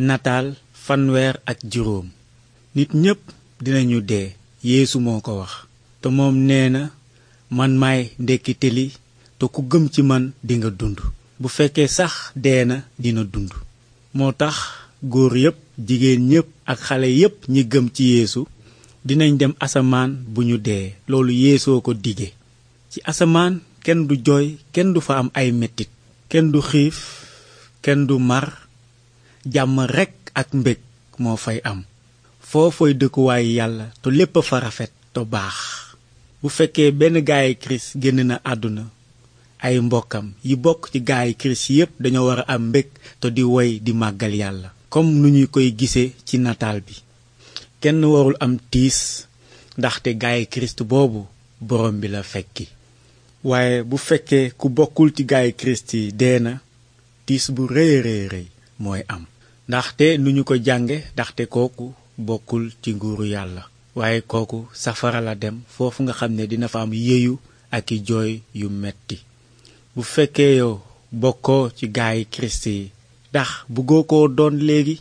nataal fanweer ak juróom nit ñépp dinañu dee yéesu moo ko wax te moom nee na man maay ndekkite li te ku gëm ci man dinga dund bu fekkee sax dee na dina dund moo tax góor yépp jigéen ñépp ak xale yépp ñi gëm ci yeesu dinañ dem asamaan bu ñu dee loolu yéesoo ko dige ci asamaan kenn du jooy kenn du fa am ay mettit kenn du xiif kenn du mar jàmm rekk ak mbég moo fay am foofooy dëkkuwaay yàlla te lépp fa rafet te baax bu fekkee benn gaayi kirist génn na àdduna ay mbokkam yi bokk ci gaayi kirist yépp dañoo war a am mbég te di woy di màggal yàlla comme nu ñu koy gisee ci nataal bi kenn warul am tiis ndaxte gaayi kirist boobu borom bi la fekki waaye bu fekkee ku bokkul ci gaayi kirist yi dee na tiis bu rëy rëy rëy mooy am ndaxte nu ñu ko jànge ndaxte kooku bokkul ci nguuru yàlla waaye kooku safara la dem foofu nga xam ne dina fa am yeeyu ak i jooy yu metti bu fekkee yow bokkoo ci gaayi kirist yi ndax buggoo ko doon léegi